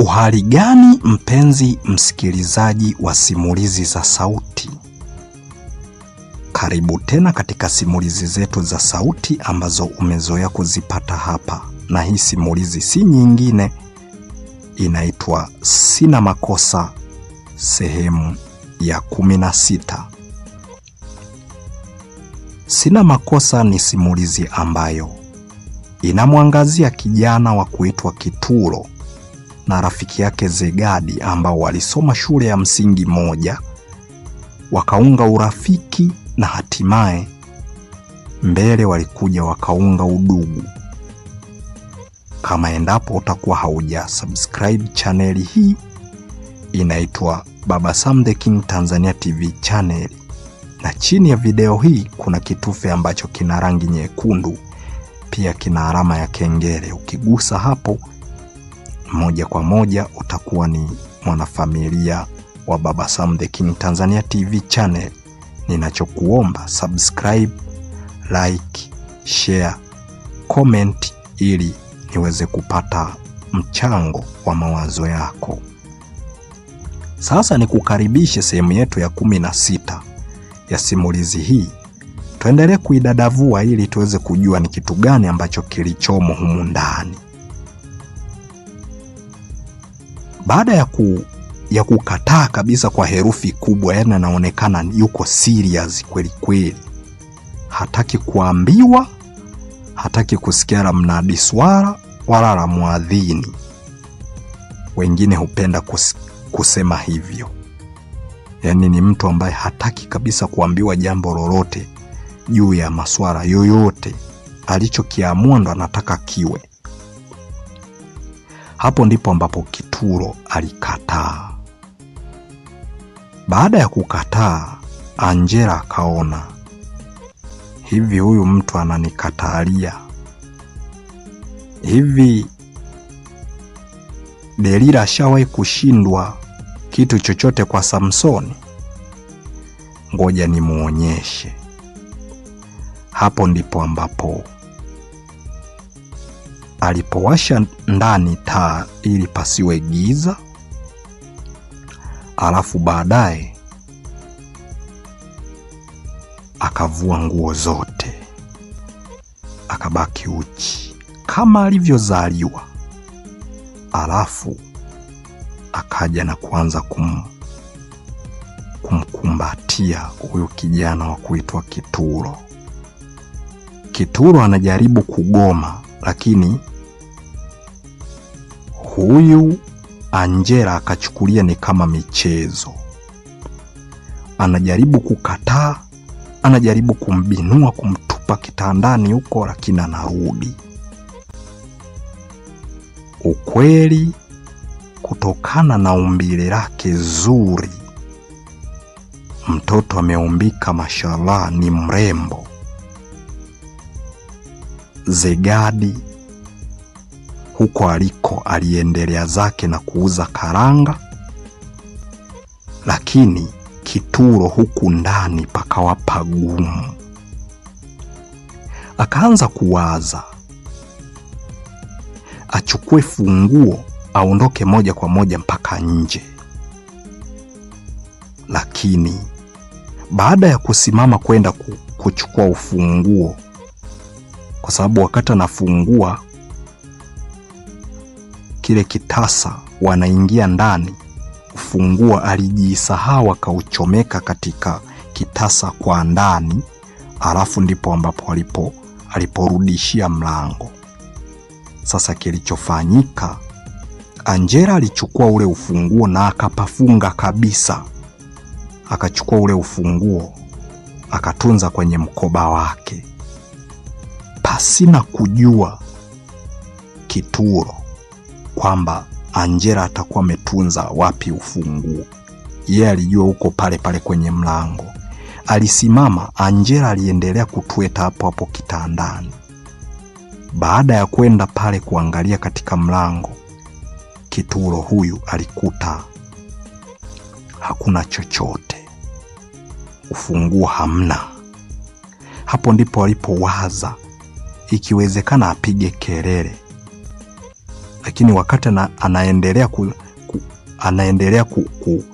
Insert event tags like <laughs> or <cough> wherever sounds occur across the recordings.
Uhali gani mpenzi msikilizaji wa simulizi za sauti? Karibu tena katika simulizi zetu za sauti ambazo umezoea kuzipata hapa, na hii simulizi si nyingine, inaitwa Sina Makosa sehemu ya kumi na sita. Sina Makosa ni simulizi ambayo inamwangazia kijana wa kuitwa Kituro na rafiki yake Zegadi ambao walisoma shule ya msingi moja, wakaunga urafiki na hatimaye mbele walikuja wakaunga udugu. Kama endapo utakuwa hauja subscribe chaneli hii inaitwa Baba Sam the King Tanzania TV channel, na chini ya video hii kuna kitufe ambacho kina rangi nyekundu, pia kina alama ya kengele. Ukigusa hapo moja kwa moja utakuwa ni mwanafamilia wa Baba Sam The King Tanzania TV channel. Ninachokuomba subscribe, like, share, comment ili niweze kupata mchango wa mawazo yako. Sasa nikukaribishe sehemu yetu ya kumi na sita ya simulizi hii. Tuendelee kuidadavua ili tuweze kujua ni kitu gani ambacho kilichomo humu ndani. Baada ya, ku, ya kukataa kabisa kwa herufi kubwa, yani anaonekana yuko serious kweli kweli, hataki kuambiwa, hataki kusikia la mnadi swala wala la mwadhini. Wengine hupenda kus, kusema hivyo, yani ni mtu ambaye hataki kabisa kuambiwa jambo lolote juu ya maswala yoyote, alichokiamua ndo anataka kiwe. Hapo ndipo ambapo Kituro alikataa. Baada ya kukataa, Angela akaona hivi, huyu mtu ananikatalia hivi. Delila ashawahi kushindwa kitu chochote kwa Samsoni? Ngoja nimwonyeshe. Hapo ndipo ambapo alipowasha ndani taa ili pasiwe giza, alafu baadaye akavua nguo zote akabaki uchi kama alivyozaliwa, alafu akaja na kuanza kum kumkumbatia huyu kijana wa kuitwa Kituro. Kituro anajaribu kugoma lakini huyu Angela akachukulia ni kama michezo, anajaribu kukataa, anajaribu kumbinua, kumtupa kitandani huko, lakini anarudi. Ukweli, kutokana na umbile lake zuri, mtoto ameumbika, mashallah, ni mrembo Zegadi huko aliko aliendelea zake na kuuza karanga, lakini Kituro huku ndani pakawa pagumu. Akaanza kuwaza achukue funguo aondoke moja kwa moja mpaka nje, lakini baada ya kusimama kwenda kuchukua ufunguo kwa sababu wakati anafungua kile kitasa, wanaingia ndani kufungua, alijisahau akauchomeka katika kitasa kwa ndani, alafu ndipo ambapo alipo aliporudishia mlango. Sasa kilichofanyika, Angela alichukua ule ufunguo na akapafunga kabisa, akachukua ule ufunguo akatunza kwenye mkoba wake pasina kujua kituro kwamba Angela atakuwa ametunza wapi ufunguo. Yeye alijua huko pale pale kwenye mlango. Alisimama, Angela aliendelea kutweta hapo hapo kitandani. Baada ya kwenda pale kuangalia katika mlango, kituro huyu alikuta hakuna chochote, ufunguo hamna. Hapo ndipo alipowaza ikiwezekana apige kelele, lakini wakati ana, anaendelea ku, ku, anaendelea ku, ku,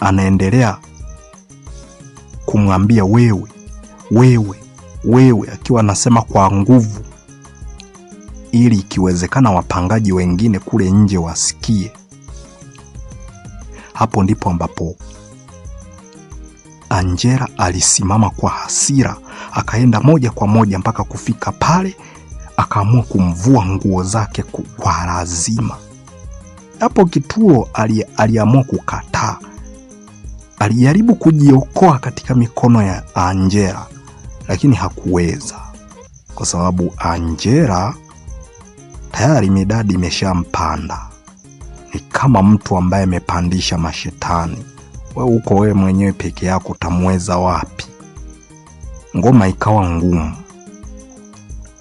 anaendelea kumwambia wewe wewe wewe, akiwa anasema kwa nguvu, ili ikiwezekana wapangaji wengine kule nje wasikie. Hapo ndipo ambapo Angela alisimama kwa hasira, akaenda moja kwa moja mpaka kufika pale, akaamua kumvua nguo zake kwa lazima. Hapo kituo ali, aliamua kukataa. Alijaribu kujiokoa katika mikono ya Angela lakini hakuweza, kwa sababu Angela tayari midadi imeshampanda. Ni kama mtu ambaye amepandisha mashetani wewe uko wewe mwenyewe peke yako, utamweza wapi? Ngoma ikawa ngumu.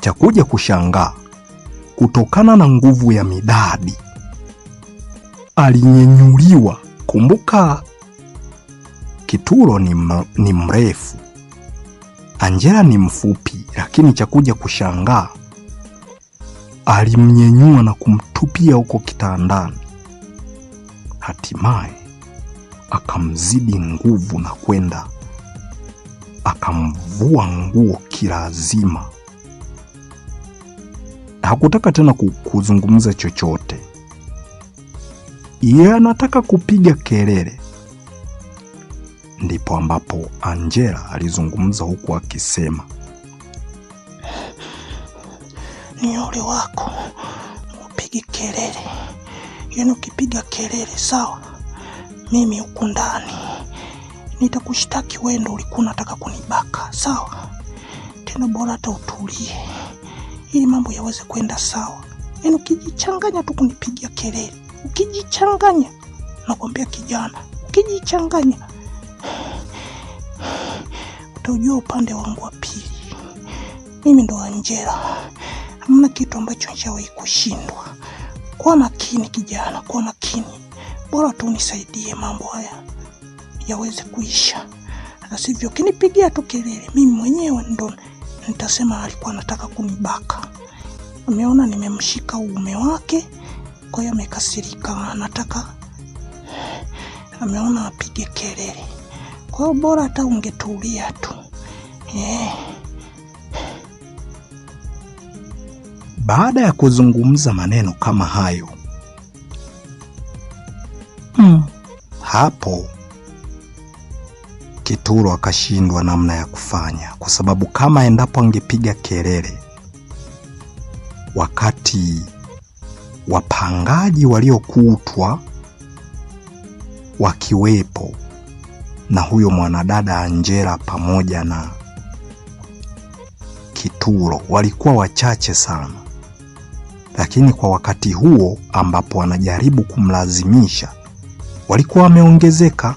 Cha kuja kushangaa, kutokana na nguvu ya midadi alinyenyuliwa. Kumbuka Kituro ni mrefu, Angela ni mfupi, lakini cha kuja kushangaa alimnyenyua na kumtupia huko kitandani hatimaye akamzidi nguvu na kwenda akamvua nguo kilazima. Hakutaka tena kuzungumza chochote, yeye anataka kupiga kelele. Ndipo ambapo Angela alizungumza huku akisema, ni ole wako upige kelele, yaani ukipiga kelele sawa mimi huku ndani nitakushtaki wewe ndo ulikuwa unataka kunibaka, sawa? Tena bora hata utulie ili mambo yaweze kwenda sawa. Yaani ukijichanganya tu kunipigia kelele, ukijichanganya, nakwambia kijana, ukijichanganya utajua upande wangu wa pili. Mimi ndo Angela, hamna kitu ambacho nishawahi kushindwa. kwa makini kijana, kwa makini bora tu nisaidie mambo haya yaweze kuisha, na sivyo kinipigia tu kelele, mimi mwenyewe ndo nitasema alikuwa anataka kunibaka. Ameona nimemshika uume wake, kwa hiyo amekasirika, anataka ameona apige kelele. Kwa hiyo bora hata ungetulia tu yeah. Baada ya kuzungumza maneno kama hayo, hapo Kituro akashindwa namna ya kufanya, kwa sababu kama endapo angepiga kelele wakati wapangaji waliokutwa wakiwepo na huyo mwanadada Angela pamoja na Kituro walikuwa wachache sana, lakini kwa wakati huo ambapo wanajaribu kumlazimisha walikuwa wameongezeka,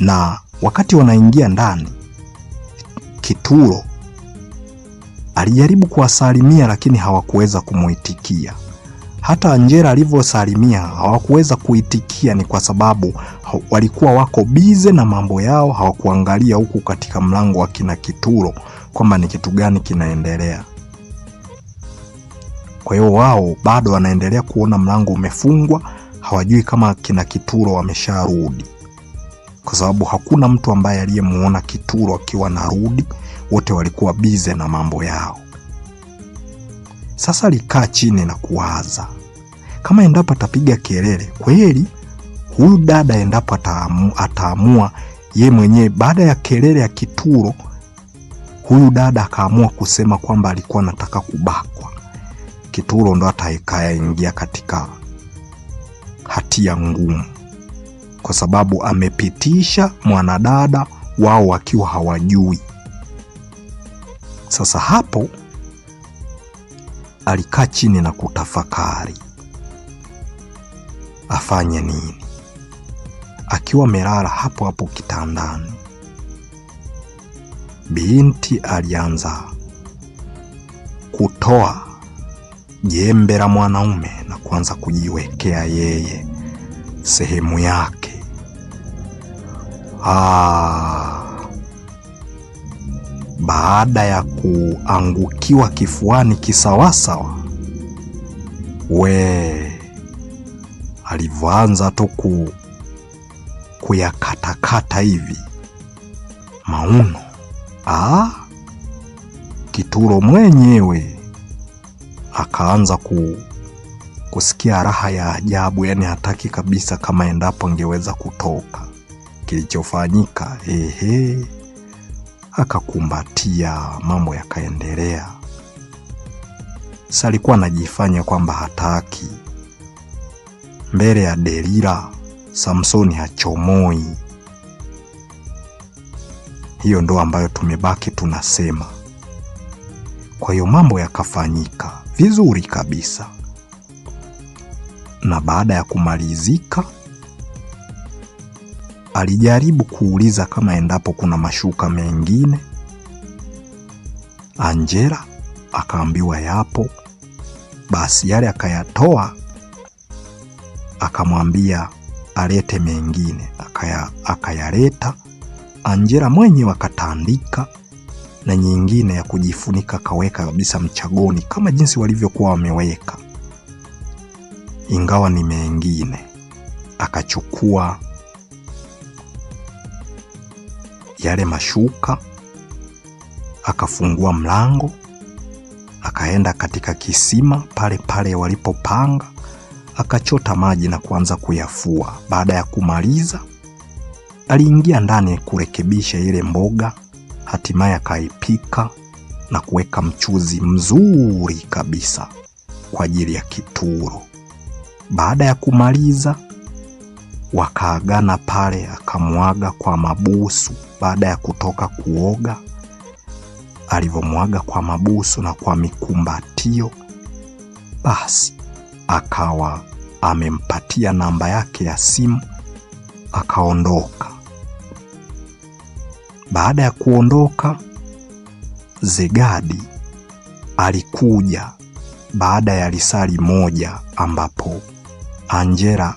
na wakati wanaingia ndani Kituro alijaribu kuwasalimia lakini hawakuweza kumuitikia. Hata anjera alivyosalimia hawakuweza kuitikia, ni kwa sababu walikuwa wako bize na mambo yao, hawakuangalia huku katika mlango wa kina Kituro kwamba ni kitu gani kinaendelea. Kwa hiyo wao bado wanaendelea kuona mlango umefungwa hawajui kama kina Kituro wamesharudi, kwa sababu hakuna mtu ambaye aliyemuona Kituro akiwa narudi. Wote walikuwa bize na mambo yao. Sasa alikaa chini na kuwaza kama endapo atapiga kelele kweli, huyu dada endapo ataamua ye mwenyewe baada ya kelele ya Kituro, huyu dada akaamua kusema kwamba alikuwa anataka kubakwa, Kituro ndo atakaye ingia katika ya ngumu, kwa sababu amepitisha mwanadada wao wakiwa hawajui. Sasa hapo alikaa chini na kutafakari afanye nini, akiwa amelala hapo hapo kitandani. Binti alianza kutoa jembe la mwanaume na kuanza kujiwekea yeye sehemu yake. Aa, ah. baada ya kuangukiwa kifuani kisawasawa, we alivyoanza tu ku kuyakatakata hivi mauno, aa, ah, Kituro mwenyewe akaanza ku kusikia raha ya ajabu, yani hataki kabisa kama endapo angeweza kutoka. Kilichofanyika ehe, akakumbatia, mambo yakaendelea. Salikuwa anajifanya kwamba hataki. Mbele ya Delila Samsoni hachomoi. Hiyo ndo ambayo tumebaki tunasema. Kwa hiyo mambo yakafanyika vizuri kabisa na baada ya kumalizika alijaribu kuuliza kama endapo kuna mashuka mengine. Angela akaambiwa yapo, basi yale akayatoa, akamwambia alete mengine, akayaleta. Angela mwenyewe akatandika na nyingine ya kujifunika akaweka kabisa mchagoni kama jinsi walivyokuwa wameweka ingawa ni mengine, akachukua yale mashuka akafungua mlango akaenda katika kisima pale pale walipopanga akachota maji na kuanza kuyafua. Baada ya kumaliza, aliingia ndani kurekebisha ile mboga, hatimaye akaipika na kuweka mchuzi mzuri kabisa kwa ajili ya kituro. Baada ya kumaliza wakaagana pale, akamwaga kwa mabusu baada ya kutoka kuoga. Alivyomwaga kwa mabusu na kwa mikumbatio, basi akawa amempatia namba yake ya simu, akaondoka. Baada ya kuondoka, Zegadi alikuja baada ya risali moja ambapo Angela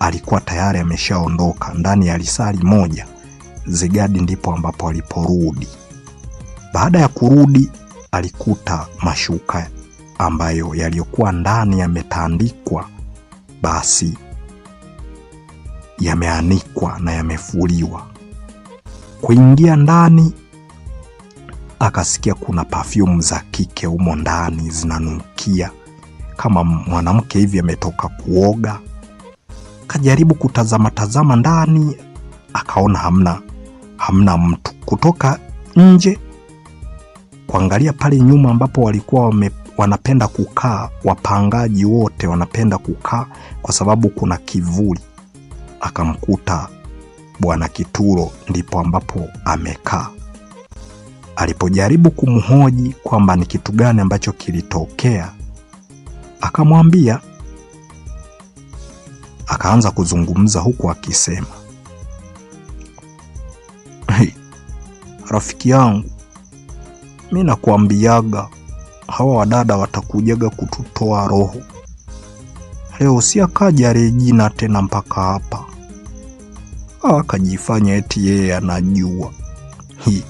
alikuwa tayari ameshaondoka ndani ya lisali moja. Zigadi ndipo ambapo aliporudi. Baada ya kurudi, alikuta mashuka ambayo yaliyokuwa ndani yametandikwa, basi yameanikwa na yamefuliwa. Kuingia ndani, akasikia kuna perfume za kike humo ndani zinanukia kama mwanamke hivi ametoka kuoga. Kajaribu kutazama tazama ndani, akaona hamna hamna mtu. Kutoka nje kuangalia pale nyuma ambapo walikuwa wame, wanapenda kukaa wapangaji wote wanapenda kukaa kwa sababu kuna kivuli, akamkuta Bwana Kituro ndipo ambapo amekaa. Alipojaribu kumhoji kwamba ni kitu gani ambacho kilitokea, akamwambia, akaanza kuzungumza huku akisema hey, rafiki yangu, mi nakuambiaga hawa wadada watakujaga kututoa roho leo, si akaja Regina tena mpaka hapa ah, akajifanya eti yeye anajua. Hi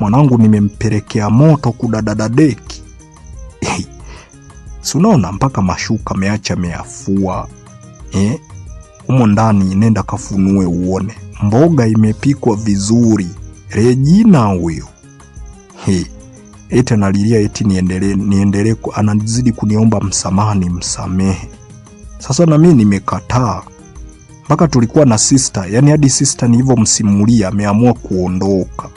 mwanangu, nimempelekea moto kudadadade si unaona mpaka mashuka ameacha ameafua eh? Humo ndani nenda kafunue uone, mboga imepikwa vizuri. Regina huyo Eti analilia eti niendelee niendelee, anazidi kuniomba msamaha ni msamehe Sasa na mimi nimekataa, mpaka tulikuwa na sister, yani hadi sister nilivyomsimulia ameamua kuondoka.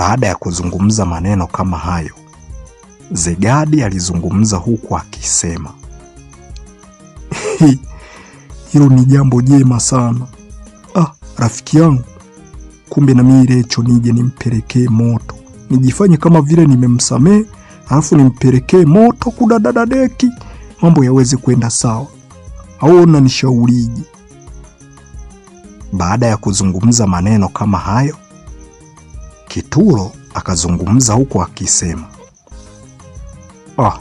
Baada ya kuzungumza maneno kama hayo, Zegadi alizungumza huku akisema, <laughs> hilo ni jambo jema sana. Ah, rafiki yangu, kumbe na mimi Recho nije nimpelekee moto, nijifanye kama vile nimemsamehe, alafu nimpelekee moto kudadadadeki, mambo yaweze kwenda sawa, au nishauriji. Baada ya kuzungumza maneno kama hayo Kituro akazungumza huku akisema, ah,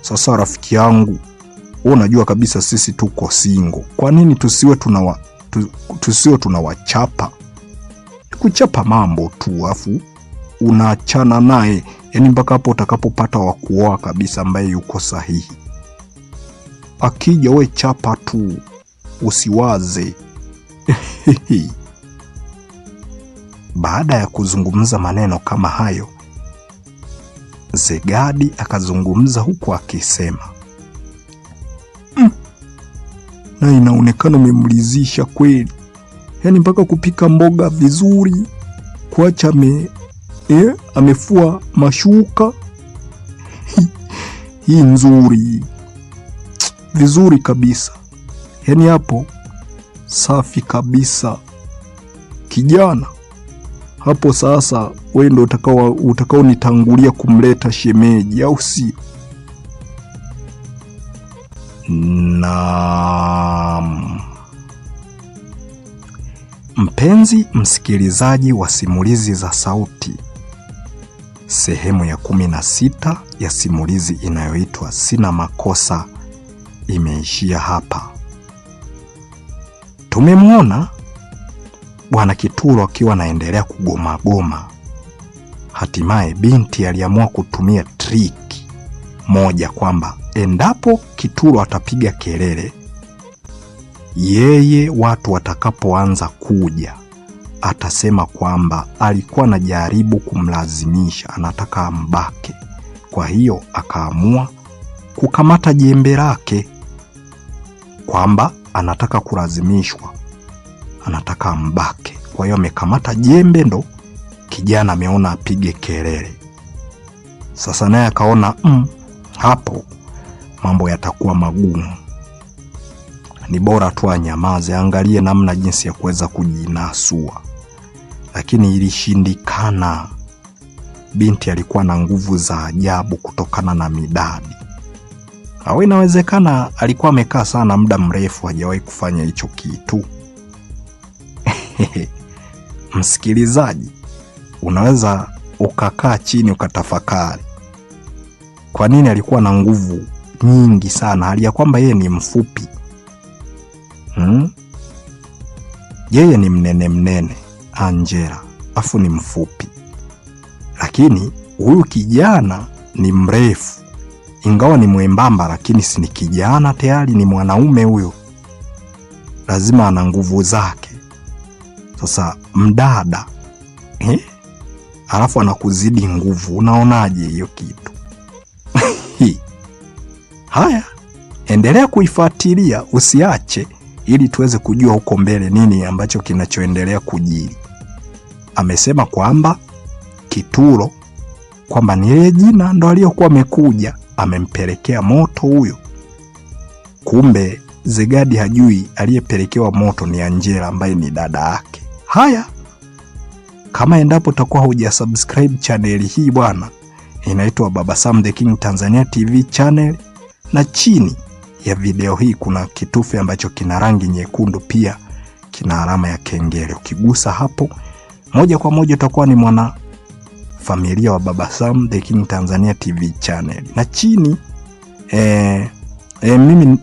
sasa rafiki yangu, wewe unajua kabisa sisi tuko singo, kwa nini tusiwe tunawa, tu, tusiwe tunawachapa? Kuchapa mambo tu afu unaachana naye, yani mpaka hapo utakapopata wa kuoa kabisa ambaye yuko sahihi. Akija we chapa tu, usiwaze <laughs> Baada ya kuzungumza maneno kama hayo, Zegadi akazungumza huku akisema mm, na inaonekana umemlizisha kweli, yaani mpaka kupika mboga vizuri, kuacha me, eh, amefua mashuka <laughs> hii nzuri vizuri kabisa, yaani hapo safi kabisa kijana hapo sasa wewe ndio utakao utakaonitangulia kumleta shemeji, au sio? Na mpenzi msikilizaji wa simulizi za sauti, sehemu ya kumi na sita ya simulizi inayoitwa Sina Makosa imeishia hapa. Tumemwona Bwana Kituro akiwa anaendelea kugomagoma, hatimaye binti aliamua kutumia triki moja kwamba endapo Kituro atapiga kelele, yeye watu watakapoanza kuja atasema kwamba alikuwa anajaribu kumlazimisha, anataka ambake. Kwa hiyo akaamua kukamata jembe lake kwamba anataka kulazimishwa anataka ambake. Kwa hiyo amekamata jembe, ndo kijana ameona apige kelele. Sasa naye akaona mm, hapo mambo yatakuwa magumu, ni bora tu anyamaze, angalie namna jinsi ya kuweza kujinasua, lakini ilishindikana. Binti alikuwa na nguvu za ajabu kutokana na midadi, au inawezekana alikuwa amekaa sana muda mrefu, hajawahi kufanya hicho kitu. <laughs> msikilizaji, unaweza ukakaa chini ukatafakari kwa nini alikuwa na nguvu nyingi sana, hali ya kwamba yeye ni mfupi hmm? Yeye ni mnene mnene Angela, afu ni mfupi, lakini huyu kijana ni mrefu, ingawa ni mwembamba, lakini si ni kijana tayari, ni mwanaume huyo, lazima ana nguvu zake. Sasa mdada eh? Alafu anakuzidi nguvu, unaonaje hiyo kitu? <laughs> Haya, endelea kuifuatilia usiache, ili tuweze kujua huko mbele nini ambacho kinachoendelea kujiri. Amesema kwamba Kituro kwamba ni yeye jina ndo aliyokuwa amekuja amempelekea moto huyo. Kumbe Zegadi hajui aliyepelekewa moto ni anjera ambaye ni dada yake. Haya, kama endapo utakuwa hujasubscribe chaneli hii bwana, inaitwa Baba Sam The King Tanzania TV channel, na chini ya video hii kuna kitufe ambacho kina rangi nyekundu, pia kina alama ya kengele. Ukigusa hapo moja kwa moja utakuwa ni mwana familia wa Baba Sam The King Tanzania TV channel. Na chini eh, eh, mimi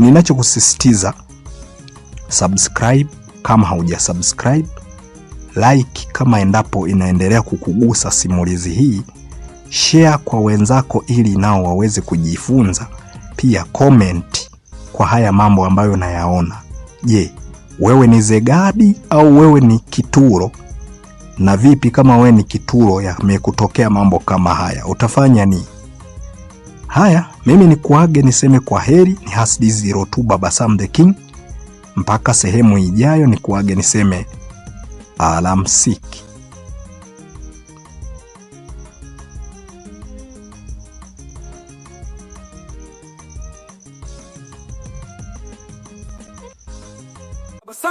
ninachokusisitiza ninacho subscribe kama hauja subscribe, like kama endapo inaendelea kukugusa simulizi hii, share kwa wenzako ili nao waweze kujifunza pia. Comment kwa haya mambo ambayo nayaona. Je, wewe ni zegadi au wewe ni kituro? Na vipi kama wewe ni kituro, yamekutokea mambo kama haya, utafanya nini? Haya, mimi ni kuage niseme kwa heri, ni Hasdi Zero tu, Baba Sam the King. Mpaka sehemu ijayo, ni kuage niseme alamsiki.